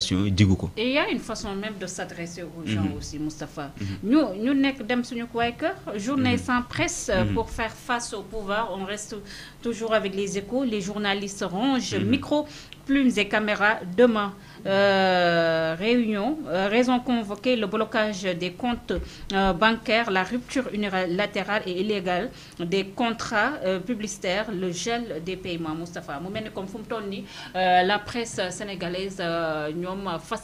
Et il y a une façon même de s'adresser aux gens mhm. aussi, Mustapha. Mhm. Nous, Nous, nous sommes journée mm journée sans presse mhm. pour faire face au pouvoir. On reste toujours avec les échos. Les journalistes rongent micro, plumes et caméras demain euh, réunion, euh, raison convoquée, le blocage des comptes euh, bancaires, la rupture unilatérale et illégale des contrats euh, publicitaires, le gel des paiements. Moustapha, mu comme la presse sénégalaise ñoom fas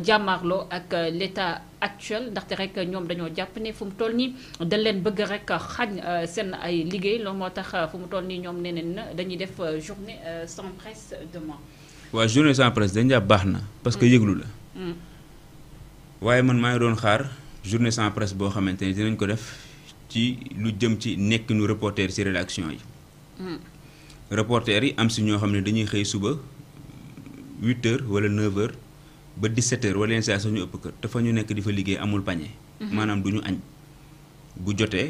Diamarlo avec ak l'état actuel ndaxte rek ñoom dañoo jàpp ne fu toll nii dañ leen bëgg rek xañ sen ay liggéey lo motax fum toll dañuy def journée sans presse demain waa journée sans presse dañ jàpp baax na parce que yëglu la mm. waaye man maa ngi doon xaar journée sans presse boo xamante ni dinañ ko def ci lu jëm ci nekkinu reporter ci rédaction yi mm. reporter yi am si ñoo xam ne dañuy xëy suba 8 heures wala 9 heures ba 17 sept heures wala yenn saa sax ñu ëpp kër dafa ñu nekk di fa liggéey amul pañe mm-hmm. maanaam du ñu añ bu jotee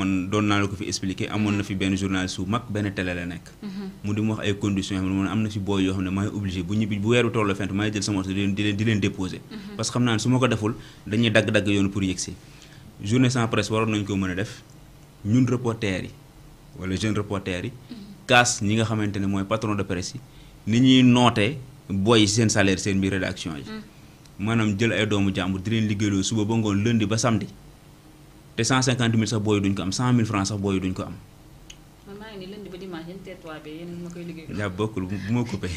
man doon naa la ko fi expliquer amoon na mm-hmm. fi benn journaliste su mag benn tele la nekk. Mm-hmm. mu di mu wax ay condition yoo xam ne man am na fi booy yoo xam ne maay obligé bu ñibbi bu weeru toll fent maay jël sama oto di leen di leen di leen déposé. Mm-hmm. parce dagg yoon pour yegg si journée sans presse waroon nañ ko mën a def ñun reporters yi wala jeune reporters yi. kaas ñi nga xamante ne mooy patron de presse yi ni ñuy nootee booy seen salaire seen biir rédaction yi. maanaam jël ay doomu jàmbur di leen liggéeyloo suba ba ngoon lundi ba samdi te 150 000 sax booy duñ ko am 100 000 francs sa booy duñ ko am. man maa ngi nii lundi ba di bi dimanche ma koy liggéey. yaa bokkul bu ma coupé.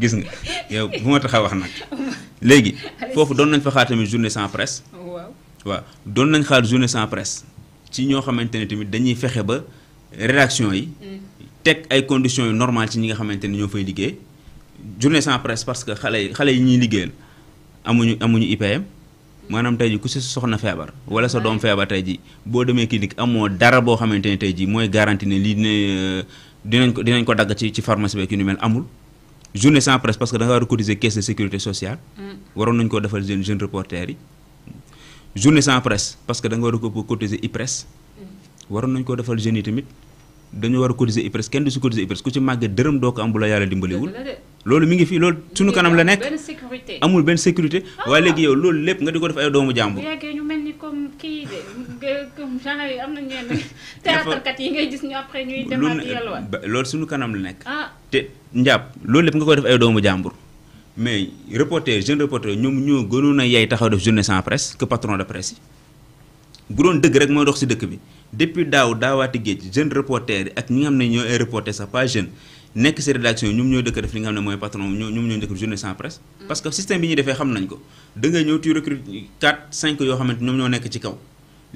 gis nga yow bu ma tax wax nag. léegi foofu doon nañ fa xaar tamit journée sans presse. waaw waaw doon nañ xaar journée sans presse ci ñoo xamante ne tamit dañuy fexe ba rédaction yi. Hmm. teg ay conditions yu normal ci ñi nga xamante ne ñoo fay liggéey journée sans presse parce que xale yi xale yi ñuy liggéeyal amuñu amuñu IPM. maanaam tey ji ku si soxna feebar wala sa doom feebar tey ji boo demee clinique amoo dara boo xamante ne tey ji mooy garantie ne lii dina euh, dinañ ko dinañ ko dagg ci ci pharmacie beeg yu ni mel amul journée sans presse parce que da nga war a cotiser caisse de sécurité sociale mm. waroon nañu ko defal jeune jeune reporter yi journée sans presse parce que da nga war a cotiser IPRES mm. waroon nañ ko defal jeunes yi tamit dañu war a cotiser IPRES kenn du si cotiser IPRES ku ci màgg dërëm doo ko am bu dimbaliwul mi ngi fi sunu kanam la amul ben sécurité ah. waaye léegi yow loolu lépp nga di ko def ay doomu jàmbur ñu mel comme de comme genre yi théâtre kat yi ngay gis ñu après ñuy sunu kanam la nekk ah. te njàpp nga koy def ay doomu jàmbur mais reporter jeune reporter ñoom ñoo gënoon a yay taxaw def journée sans presse que patron de presse yi bu doon rek dox bi depuis Daw Dawati géej jeune reporter ak ñi nga xamné ñoo ay reporter sa page jeune nek ci rédaction ñum ñoo dëkk def li nga xam ne patron ñoo ñoom ñoo dëkk journée sans presse mm. parce que système bi ñi défé xam nañ ko da nga ñëw tu recrute 4 5 yo xamante ñum ñoo nek ci kaw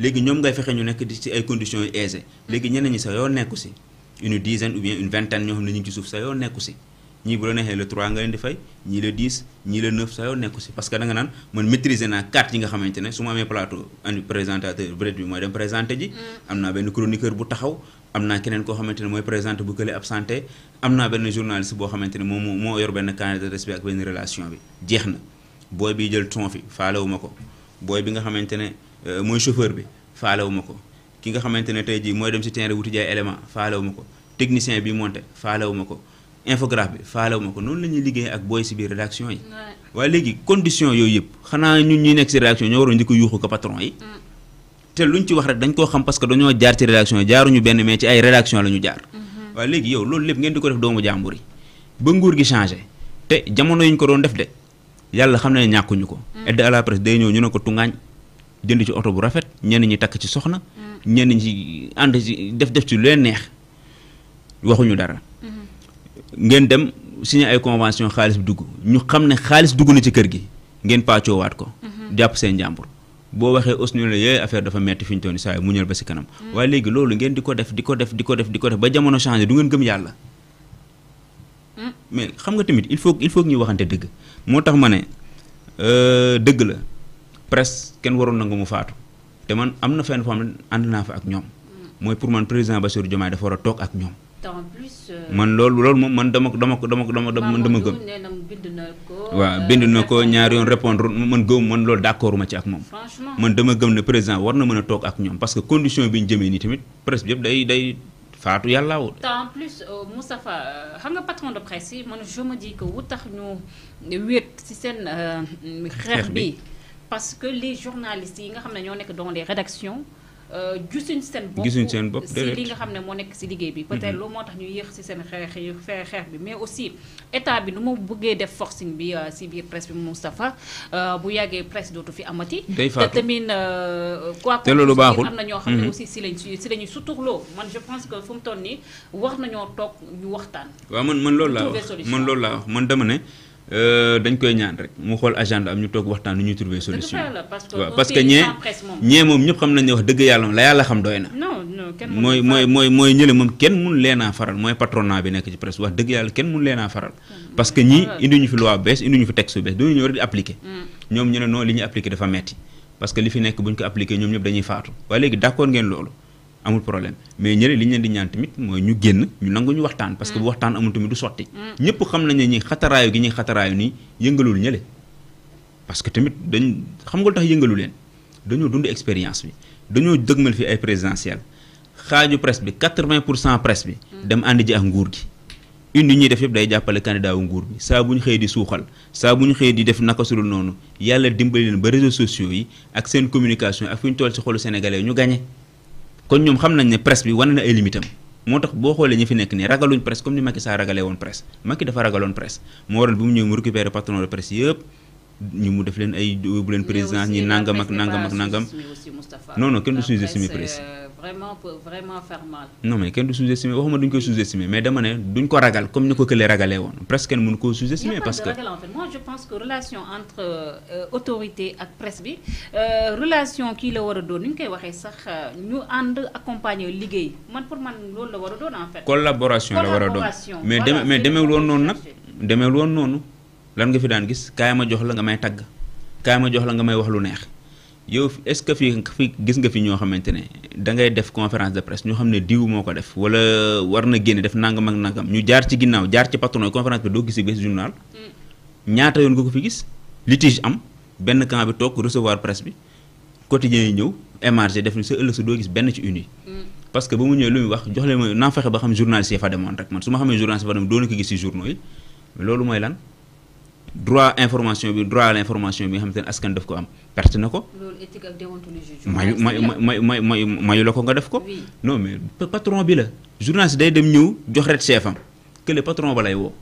légui ñom ngay fexé ñu nek ci ay conditions aisées légui ñeneen ñi sa yo nekku si une dizaine ou bien une vingtaine ñoo xamné ne ñu ci suuf sa yo nekku si ñii bu la neexee le 3 nga leen di fay ñii le 10 ñii le 9 sa yoon nekku si parce que da naan man maîtriser naa carte yi nga xamante ne su ma amee plateau andi présentateur vedette bi mooy dem présenté ji mm. am naa benn chroniqueur bu taxaw am naa keneen koo xamante ne mooy présenté bu kële absenté am naa benn journaliste boo xamante ne moom moo yor benn carnet de respect ak benn relation bi jeex na booy bi jël ton fi faalewuma ko booy bi nga xamante ne euh, mooy chauffeur bi faalewuma ko ki nga xamante ne tey jii mooy dem si terrain wuti jaay élément faalewuma ko technicien bi monté faalewuma ko infographe bi faalewuma ko noonu la ñuy liggéey ak booy si biir rédaction yi. waaye léegi condition yooyu yëpp xanaa ñun ñuy nekk si rédaction ñoo waroon di ko yuuxu ko patron yi. Mm. te lu luñ ci wax rek dañ koo xam parce que dañoo jaar ci rédaction yi jaaruñu benn mais ci ay rédaction la ñu jaar. Mm-hmm. waaye léegi yow loolu lépp ngeen di ko def doomu jàmbur yi ba nguur gi changé te jamono yi ñu ko doon def de yàlla xam na ne ñàkkuñu ko. Mm. aide à la presse day ñëw ñu ne ko tungaañ jënd ci oto bu rafet ñenn ñi takk ci soxna. Mm. ñenn ñi ànd def def ci lu neex waxuñu dara ngeen dem signé ay convention xaalis bi dugg ñu xam ne xaalis dugg na ci kër gi ngeen paacoowaat ko. Mhm. jàpp seen njàmbur. bo waxee os ñu la yooyu affaire dafa metti fi ñu toon saa yi ba si kanam. Mhm. waaye léegi loolu ngeen diko ko def di ko def di ko def di ko def ba jamono changé du ngeen gëm yàlla. Mm. mais xam nga tamit il faut il faut que waxante dëgg moo tax euh, la presse na nga mu faatu te man am fenn foo xam ne fa ak ñoom. Mm. mooy pour man président Bassirou Diomaye dafa wara tok ak ñoom. temps plus. Euh, man loolu loolu moom man dama dama dama dama dama dama gëm. bind na ko. waaw euh, bind na ko ñaari yoon répondre man gëm man loolu d' accord ma ci ak moom. man dama gëm ne président war na mën a toog ak ñoom parce que condition bi ñu jëmee nii tamit presse bi yëpp day day faatu yàlla wut. en plus euh, Moustapha xam nga patron de presse yi man je me dis que wu tax ñu wéet ci seen. xeex bi parce que les journalistes yi nga xam ne ñoo nekk dans les rédactions. Euh, gisuñ seen bopp gisuñ seen bopp si li nga xam ne moo nekk si liggéey bi peut-être mhm. loolu moo tax ñu yéex si seen xeex xeex bi mais aussi état bi nu mu bëggee def forcing bi euh, si biir presse bi Moustapha euh, bu yàggee presse dootu fi amati te tamit quoi te loolu baaxul am na ñoo xam ne mhm. aussi si lañ si lañu la man je pense que fu mu toll nii war nañoo toog ñu waxtaan waaw man man loolu laa wax man loolu laa wax man dama ne Euh, dañ koy ñaan rek mu xool agenda am ñu toog waxtaan nu ñuy trouver solution waaw parce que ñee ñee moom ñëpp xam nañ ne wax dëgg yàlla moom la yàlla xam doy na mooy mooy mooy mooy ñële moom kenn mun leenaa faral mooy patronat bi nekk ci presse wax dëgg yàlla kenn mun leenaa faral parce que ñii indi ñu fi loi bees indi ñu fi texte bees dañu ñëw rek di appliquer mm. ñoom ñu ne noonu li ñuy appliquer dafa metti parce que li fi nekk bu ñu ko appliquer ñoom ñëpp dañuy faatu waaye léegi d'accord ngeen loolu amul problème mais ñëlé li ñu leen di ñaan tamit moy ñu génn ñu nangu ñu waxtaan parce que bu mm. waxtaan amul tamit du sotti mm. ñëpp xam nañ ni ñi xataraayu gi ñuy xataraayu ni yëngalul ñëlé parce que tamit dañ xam nga tax yëngalul leen dañoo dund expérience bi dañoo dëgmal fi ay présidentiel xaju presse bi 80 presse bi mm. dem andi ji ak nguur gi une ñi def yëpp day jàppale candidat wu nguur bi saa bu ñu xëyee di suuxal saa bu ñu xëyee di def naka sudul noonu yàlla dimbali leen ba réseaux sociaux yi ak seen communication ak fi ñu toll ci xolu sénégalais ñu gagné kon ñoom xam nañ ne presse bi wane na ay limitam moo tax boo xoolee ñi fi nekk nii ragaluñ presse comme ni Macky Sall ragalee woon presse Macky dafa ragaloon presse moo waral bu mu ñëw mu récupérer patron de presse yëpp mu def leen ay bu leen président ñi nangam ak nangam ak nangam non kenn du suñu simi presse euh, vraiment peut vraiment faire mal. non mais kenn du sous-estimer waxuma duñ ko sous-estimer mais dama né duñ ko ragal comme ni ko kële ragalé won presque kenn mënu koo sous-estimer. parce que ragal en fait moi je pense que relation entre euh, autorité ak presse bi euh, relation ki la wara a doon ni koy waxé sax euh, ñu and accompagner liguey man pour man loolu la wara doon en fait. collaboration la wara a doon mais mais demeewul won non nak demeewul won non lan nga fi daan gis kaay ma jox la nga may tag kaay ma jox la nga may wax lu neex. yow est-ce que fii fi gis nga fi ñoo xamante ne dangay ngay def conférence de presse ñu xam ne diw moo ko def wala war na génne def nangam ak nangam ñu jaar ci ginnaaw jaar ci patron yi conférence bi doo gis bés journal mm. ñaata yoon nga ko fi gis litige am benn camp bi toog recevoir presse bi quotidien yi ñëw émarger def ni sa ëllëg sa doo gis benn ci uni mm. parce ba mu ñëwee lu muy wax jox leen ma naa fexe ba xam journaliste yi fa demoon rek man su ma xamee journaliste fa demoon doo na ko gis si journaux yi loolu mooy lan droit information bi droit information bi nga xamante ne askan daf ko am perte na ko. loolu éthique ak déontologie. mayu mayu mayu mayu la ko nga def ko. non mais patron bi la. journaliste day dem ñëw jox ret chef am que patron ba lay woo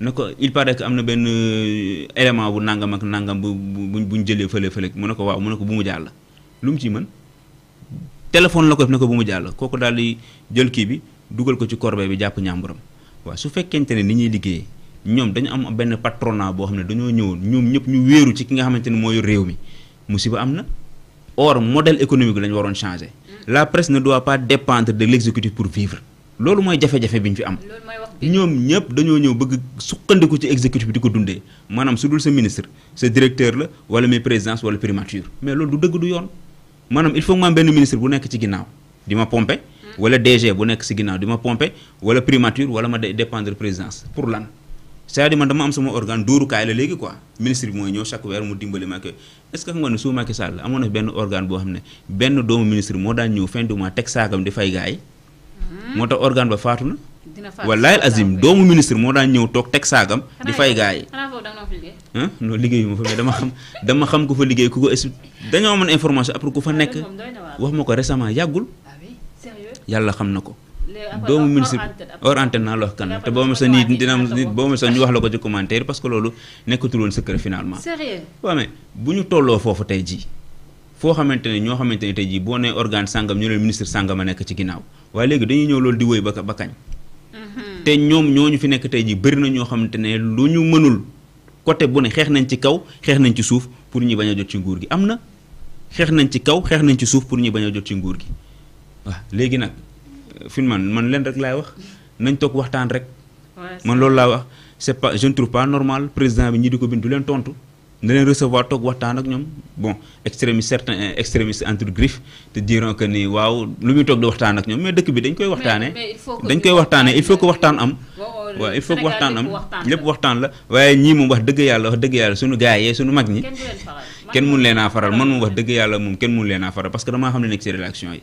ne ko il paraît que am na benn euh, élément bu nangam ak nangam bu bu bu jëlee fële fële mu ne ko waaw mu ne ko bu mu jàll. lu mu ciy mën téléphone la ko def ne ko bu mu jàll kooku daal di jël kii bi dugal ko ci corbeille bi jàpp ñàmburam waaw su fekkente ne ni ñuy liggéey ñoom dañu am benn patronat boo xam ne dañoo ñëwoon ñoom ñëpp ñu wéeru ci ki nga xamante ne mooy réew mi musiba am na or model économique lañu waroon changer mm. la presse ne doit pas dépendre de l'exécutif pour vivre loolu mooy jafe-jafe bi ñu fi am ñoom ñëpp dañoo ñëw bëgg suqandiku ci exécutif bi di ko dundee maanaam su dul sa ministre sa directeur la wala muy présidence wala primature mais loolu du dëgg du yoon maanaam il faut que benn ministre bu nekk ci ginnaaw di ma pomper mm. wala nekk ci ginnaaw di ma pomper wala primature wala ma dépendre présidence pour lan c'est-à-dire man dama am sama organe dóorukaay la léegi quoi ministre bi mooy ñëw chaque weer mu dimbali ma que est-ce que xam nga ne su Macky Sall amoon na benn organe boo xam ne benn doomu ministre moo daan ñëw fin du mois teg saagam di fay gaay hmm. moo tax organ ba faatu na. dina faatu doomu ministre moo daan ñëw toog teg saagam. di fay gaay noo non liggéey ma fa mais dama xam dama xam ku fa liggéey ku ko expliqué dañoo amoon information après ku fa nekk wax ma ko récemment yàggul. Ah yàlla xam na ko. doomu ministre hors antenne naa la wax kan te boo ma sa nii dina am nit boo ma sa ñu wax la ko ci commentaire parce que loolu nekkatul woon secret finalement. bu ñu tolloo foofu tey jii foo xamante ne ñoo xamante ne tey jii boo nee organe sàngam ñu ne ministre sàngam a nekk ci ginnaaw waaye léegi dañuy ñëw loolu di wéy ba ba kañ. Mm-hmm. te ñoom ñoo ñu fi nekk tey jii bëri na ñoo xamante ne lu ñu mënul côté bu ne xeex nañ ci kaw xeex nañ ci suuf pour ñu bañ a jot ci nguur gi am na xeex nañ ci kaw xeex nañ ci suuf pour ñu bañ a jot ci nguur gi waaw léegi nag fi man man leen rek lay wax nañ tok waxtaan rek. man loolu la wax c'est pas je ne trouve pas normal président bi ñi diko bindu len tontu. na len recevoir tok waxtaan ak ñom bon extrémistes certains eh, extrémistes entre griffes te diront que ni waaw lu muy tok di waxtaan ak ñom mais dëkk bi dañ koy waxtaanee. dañ koy waxtaanee il faut que waxtaan am. waaw il faut que waxtaan am lépp waxtaan la. waaye ñi moom wax dëgg yàlla wax dëgg yàlla suñu gars yee suñu mag ñi. kenn mun leen a faral man mu wax dëgg yàlla moom kenn mun leen a faral parce que dama xam ne nekk ci rédaction yi.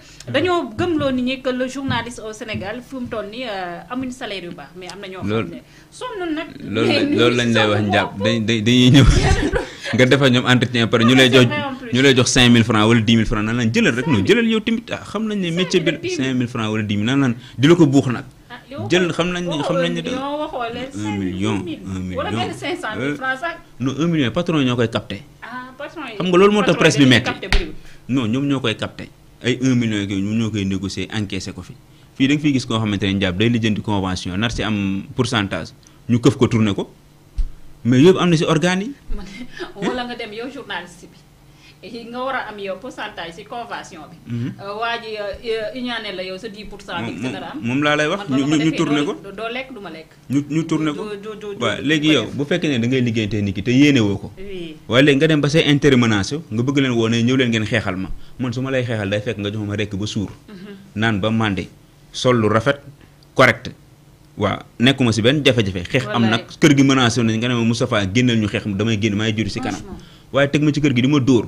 dañoo gëmloo nit ñi que le journaliste au fu mu toll nii euh, amuñu mais am na ñoo xam loolu loolu lañ lay wax njàpp dañuy dañuy ñëw nga defal ñoom entretien pare ñu lay jox ñu lay jox 5000 francs wala 10 000 francs nan lañ jëlal rek noonu jëlal yow tamit ah, xam nañ ne métier bi 5000 francs wala 10 000 nan lañ di la ko buux nag. Ah, jël xam nañ ne xam nañ ne de un million un euh, un million patron yi ñoo koy capté. Ah, xam nga loolu moo tax presse bi metti non ñoom ñoo koy capté. ay 1 million yooyu ñun ñoo koy négocier encaissé ko fi fii da nga fiy gis koo xamante ne jàpp day lijjanti convention nar si am pourcentage ñu këf ko tourné ko mais yëpp am na si organes yi. wala nga dem yow journaliste bi. hinga wara am yow pourcentage ci convention bi waji ñaané la yow sa 10% bi dara mom la lay wax ñu tourner ko do lek duma lek ñu ñu tourner ko wa légui yow bu fekké né da ngay ligénté niki té yéné woko wa légui nga dem ba say intermenance nga bëgg leen woné ñew leen ngeen xéxal ma man suma lay xéxal day fekk nga jox rek mm-hmm. ba sour nan ba mandé sol rafet correct wa nekuma ci ben jafé jafé xex am nak kër gi menacé nañ nga né Moustapha génnal ñu xex damay génn may juri ci kanam waye tek ma ci kër gi dima door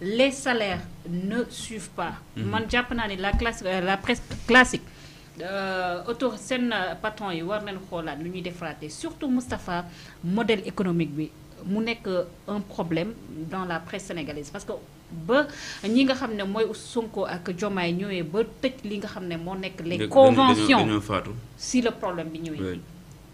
les salaires ne suivent pas. man jàpp naa ne la classe la presse classique. autour sen patron yi war nañ xoolaat lu ñuy defaraatee surtout Mustapha modèle économique bi mu nekk un problème dans la presse sénégalaise parce que ba ñi nga xam ne mooy Sonko ak Diomaye ñëwee ba tëj li nga xam ne moo nekk les conventions si le problème bi ñëwee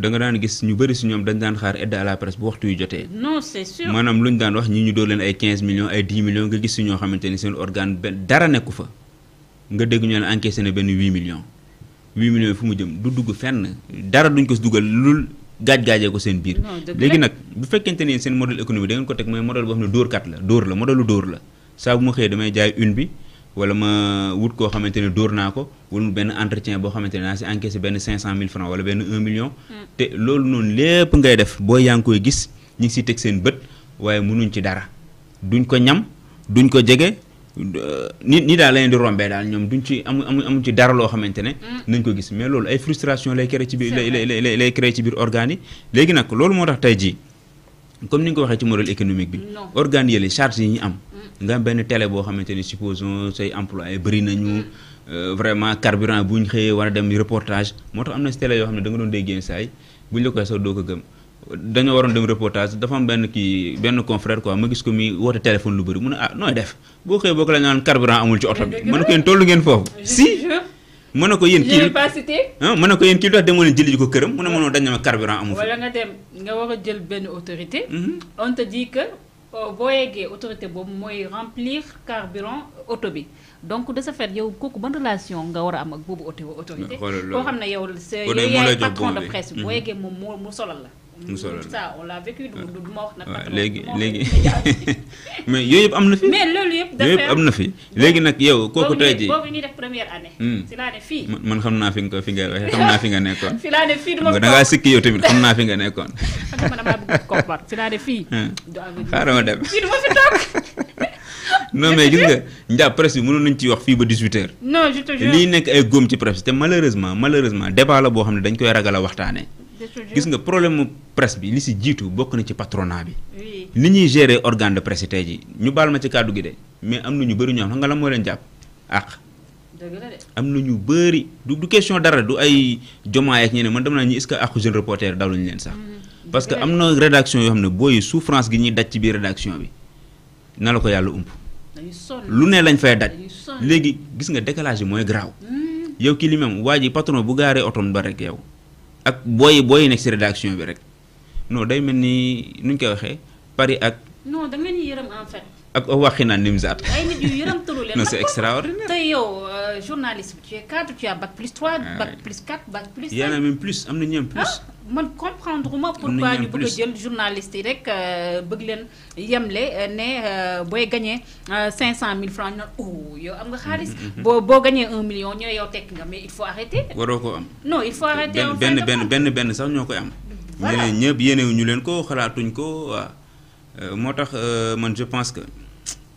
da nga daan gis ñu bari si ñoom dañ daan xaar aide à la presse bu waxtu yu jotee. non maanaam lu ñu daan wax ñi ñu dóor leen ay 15 millions ay 10 millions nga gis si ñoo xamante ni seen organe benn dara nekku fa nga dégg ñu ne encaissé na benn 8 millions 8 millions fu mu jëm du dugg fenn dara duñ ko dugal lul gaaj-gaajee ko seen biir. léegi nag bu fekkente ni seen modèle économique da ngeen ko teg mooy modèle boo xam ne dóorkat la dóor la modèle lu dóor la saa bu ma xëyee une bi. wala ma wut ko xamanteni ne dóor naa ko wala benn entretien bo xamanteni ne naa si 500.000 benn francs wala ben 1 million. Hmm. te lolou non lepp ngay def bo yang koy gis ñi ci si seen beut waye mënuñ ci dara duñ ko ñam duñ ko jégué euh, ni ni da lay di rombé dal ñom duñ ci amu amu amu ci dara lo xamante hmm. nañ ko gis mais lolou ay frustration lay créer ci bir lay lay lay lay ci bir organes légui nak lolou loolu tax comme ni nga ko ci modèle économique bi. organi yele charge yi ñi am. nga am benn télé boo xamante ni supposons say employé bëri nañu euh, vraiment carburant bu ñu xëyee war a dem reportage moo tax am na si télé yoo xam ne da nga doon dégg yenn saa yi bu ñu la koy sax doo ko gëm dañoo waroon dem reportage dafa am benn kii benn confrère quoi ma gis ko mi woote téléphone lu bëri mu ne ah nooy def boo xëyee boo ko la ñu naan carburant amul ci oto bi mën ko yéen tollu ngeen foofu si mën na ko yéen kii mën na ah, ko yéen kii lu tax demoo leen jëli ji ko këram mu ne mënoo dañ na ma carburant amul wala nga dem nga war a jël benn autorité mhm. on te dit que boo euh, yeggee autorité bob moy remplir carburant auto bi donc de ce fait yow kooku ban relation nga wara am ak bobu auto autorité ko xam yow c'est yow yaay patron de presse bi boo mhm. yeggee moom moo solal la musaloon ça on l'a léegi léegi mais yooy yëpp am na fi. léegi nag yow kooku tey jii boobu ñuy hmm. man xam naa fi nga fi nga xam naa fi nga nekkoon. fi laa tamit xam naa fi nga nekkoon. xam nga man damaa bëgg koppar si laa ne xaaral ma dem fii fi toog. non mais gis nga njàpp presse bi mënoon nañu ci wax fii ba 18h. lii nekk ay góom ci presse te malheureusement malheureusement débat boo xam ne dañ koy ragal a waxtaanee gis nga problème mu presse bi li si jiitu bokk na ci patronat bi. ni ñuy gérer organe de presse tey ji ñu baal ma ci kàddu gi de mais am na ñu bëri ñoom xam nga la moo leen jàpp àq. am na ñu bëri du du question dara du ay jomaay ak ñeneen man dem naa ñu est-ce que àqu jeune reporter daluñu leen sax. Mm-hmm. parce que am na rédaction yoo xam ne booy souffrance gi ñuy daj ci biir rédaction bi na la ko yàlla ump. lu ne lañ fay daj. léegi gis nga décalage bi mooy garaaw. Mm-hmm. yow ki li même waa ji patron bu gaaree otom ba rek yow. ak booy booy nekk si rédaction bi rek non day mel ni nuñ koy waxee Paris ak. non da ngeen yërëm en ak waxina nimzat ay nit yu yërëmtalu leen. len c'est extraordinaire. te yow euh, journaliste bi tu es cadre tu as bac plus 3 ah bac plus 4 bac plus. y en a même plus amna na plus. Ah, man comprendre ma pourquoi ñu bëgg jël journaliste rek euh, bëgg leen yemle euh, ne booy gagné 500000 francs ou oh, yow am nga xaalis. Mm-hmm, mm-hmm. boo boo gagné 1 million ñoy yow tek nga mais il faut arrêter. waroo ko am. non il faut arrêter. ben ben ben ben sax ñoko am. ñene ñepp yene yéenewuñu leen ko xalaatuñ ko waaw motax man je pense que.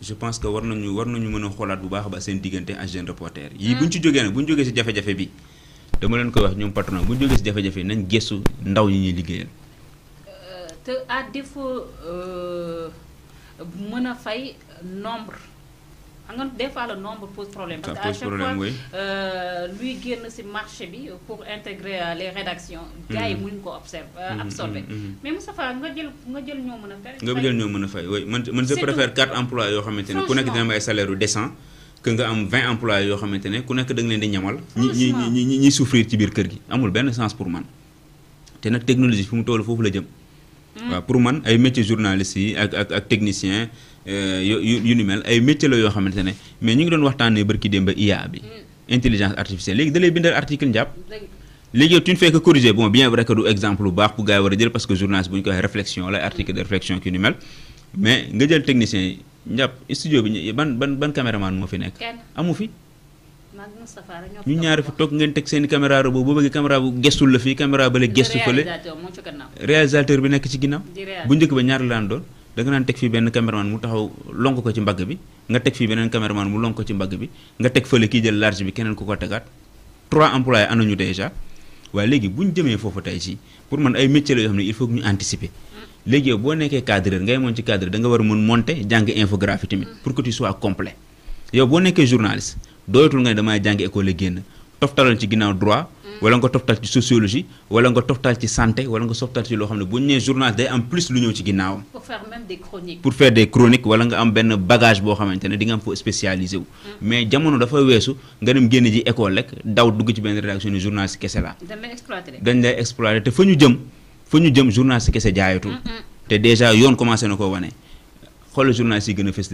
je pense que war nañu war nañu mën a xoolaat bu baax ba seen diggante ak jeune reporter yii hmm. bu ñu ci jógee nag bu ñu jógee si jafe-jafe bi dama leen koy wax ñoom patron bu ñu jógee si jafe-jafe nañ gëstu ndaw ñi ñuy liggéeyal. Euh, te à défaut euh, mën a fay nombre. xam nga des fois le nombre pose problème. parce que à chaque fois euh, luy génn ci marché bi pour intégrer euh, les rédactions. Hmm. gars yi mënuñ ko observe euh, hmm, hmm, absorber. mais Moustapha nga jël nga jël ñoo mëna a fay. nga jël ñoo mën a oui man je préfère 4 emplois yo xamante ku nek dina am ay salaire décent que nga am 20 emplois yo xamante ku nek da nga leen di ñamal. ñi ñi ñi ñi souffrir ci biir kër gi amul benn sens pour man. te nag technologie fu mu toll foofu la jëm. waaw pour man ay métiers journalistes yi ak ak ak technicien Euh, yu yu ni mel ay métier la yoo xamante ne mais ñu ngi doon waxtaanee barki démb IA bi mm. intelligence artificielle léegi da lay bindal article njàpp léegi yow tu ne fais que bien vrai du exemple bu baax bu gars yi war a jël parce que journaliste bu ñu ko waxee réflexion la article de réflexion ki ni mel mais nga jël technicien yi njàpp studio bi ban ban ban caméraman moo fi nekk amu fi ñu ñaari fi toog ngeen teg seen caméra robot boo bëggee caméra bu la fii caméra bale gestu fële réalisateur bi nekk ci ginnaaw bu njëkk ba ñaar la daan da naan teg fii benn caméraman mu taxaw lonk ko ci mbagg bi nga teg fii beneen caméraman mu lonk ko ci mbagg bi nga teg fële kii jël large bi keneen ku ko tegaat trois employés am ñu déjà waaye léegi bu ñu jëmee foofu tey si pour man ay métiers la yoo xam ne il faut que ñu anticiper léegi yow boo nekkee cadreur ngay moon ci cadre da nga war a mën monter jàng infographie tamit pour que tu sois complet yow boo nekkee journaliste doyatul nga ne damay jàng école génn toftalal ci ginnaaw droit wala nga toftal ci sociologie wala nga toftal ci santé wala nga toftal ci lo xam bu ñu journal day am plus lu ñew ci ginnaw pour faire même des chroniques. pour faire des chroniques wala nga am benn bagage bo xamante di nga am foo spécialisé mm. mais jamono dafa weesu nga dem génn ji école rek daw dugg ci benn rédaction du journal ci kessela dañ lay exploiter dañ lay exploité te fañu jëm fañu jëm journal si kese jaayatul. te déjà yoon commencé nako koo xol xoolal journal si gën a fës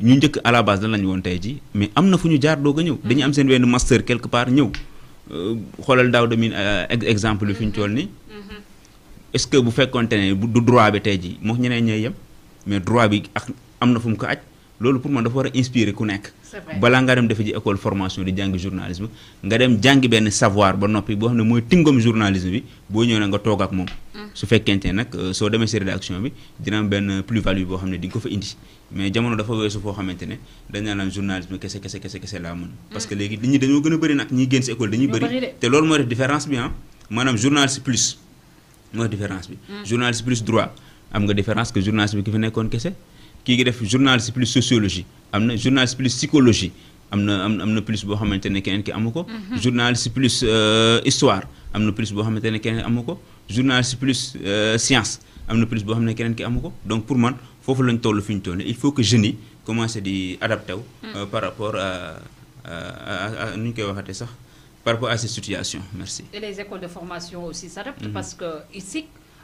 ñu njëkk à la base dañ lañ won tay ji mais amna fuñu jaar do a ñew mm. dañu am seen wenn master quelque part ñew Euh, xoolal daaw de min euh, exemple bi fi ñu toll nii. Mm-hmm. est-ce que bu fekkonte ne du droit bi tey ji moo ñenee ñëw yem mais droit bi ak am na fu mu ko aj loolu pour man dafa war a inspirer ku nekk balaa nga dem defe ji école formation di jàngi journalisme nga dem jàngi benn savoir ba noppi boo xam ne mooy tingom journalisme bi boo ñëw na nga toog ak moom mm. su fekkente ne nag euh, soo demee si rédaction bi dina am benn plus value boo xam ne di ko fa indi mais jamono dafa weesu foo xamante ne dañ naan journalisme kese kese kese kese laa mën parce que mm. léegi nit ñi dañoo gën a bëri nag ñiy génn si école dañuy bëri te loolu mooy def différence bi ah maanaam plus mooy différence bi mm. journaliste plus droit am nga différence que journaliste bi ki fi kese Qui est def journaliste plus sociologie amna journaliste plus psychologie amna amna plus boo xamante ne keneen ki amu mhm. journaliste plus euh, histoire amna plus boo xamante ne keneen journal, journaliste plus euh, science amna plus boo xam qui keneen ki donc pour moi, faut lañ toll fi il faut que jeunes commence commencé adapter mm. euh, par rapport à à koy waxatee sax par rapport à ces situations merci. et les écoles de formation aussi s'adaptent mhm. parce que ici.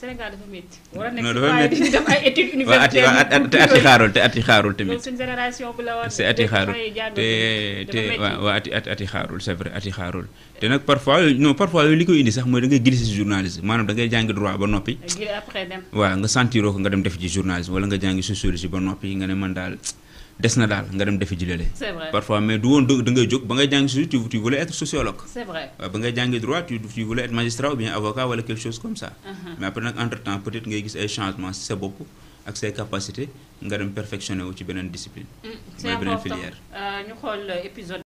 Sénégal dafa métti. war a nekk si def ay études universitaires te ati xaarul te ati xaarul tamit. loolu suñu génération a ati xaarul te te waaw ati xaarul te nag parfois non parfois yooyu li koy indi sax mooy da ngay glissé si journalisme maanaam dangay ngay jàngi droit ba noppi. waa nga sentiroo ko nga dem def ci journalisme wala nga jàngi sociologie ba noppi nga ne man daal des na on nga dem défis de c'est vrai parfois mais du won da ngay jog ba ngay jang tu tu voulais être sociologue. c'est vrai ba ngay jang droit tu tu voulais être magistrat ou bien avocat ou quelque chose comme ça. Uh-huh. mais après un entre temps peut être ngay gis ay changements si beaucoup. Avec ak capacités nga dem perfectionné wu ci une discipline. Mm, c'est important Nous beneen l'épisode. ñu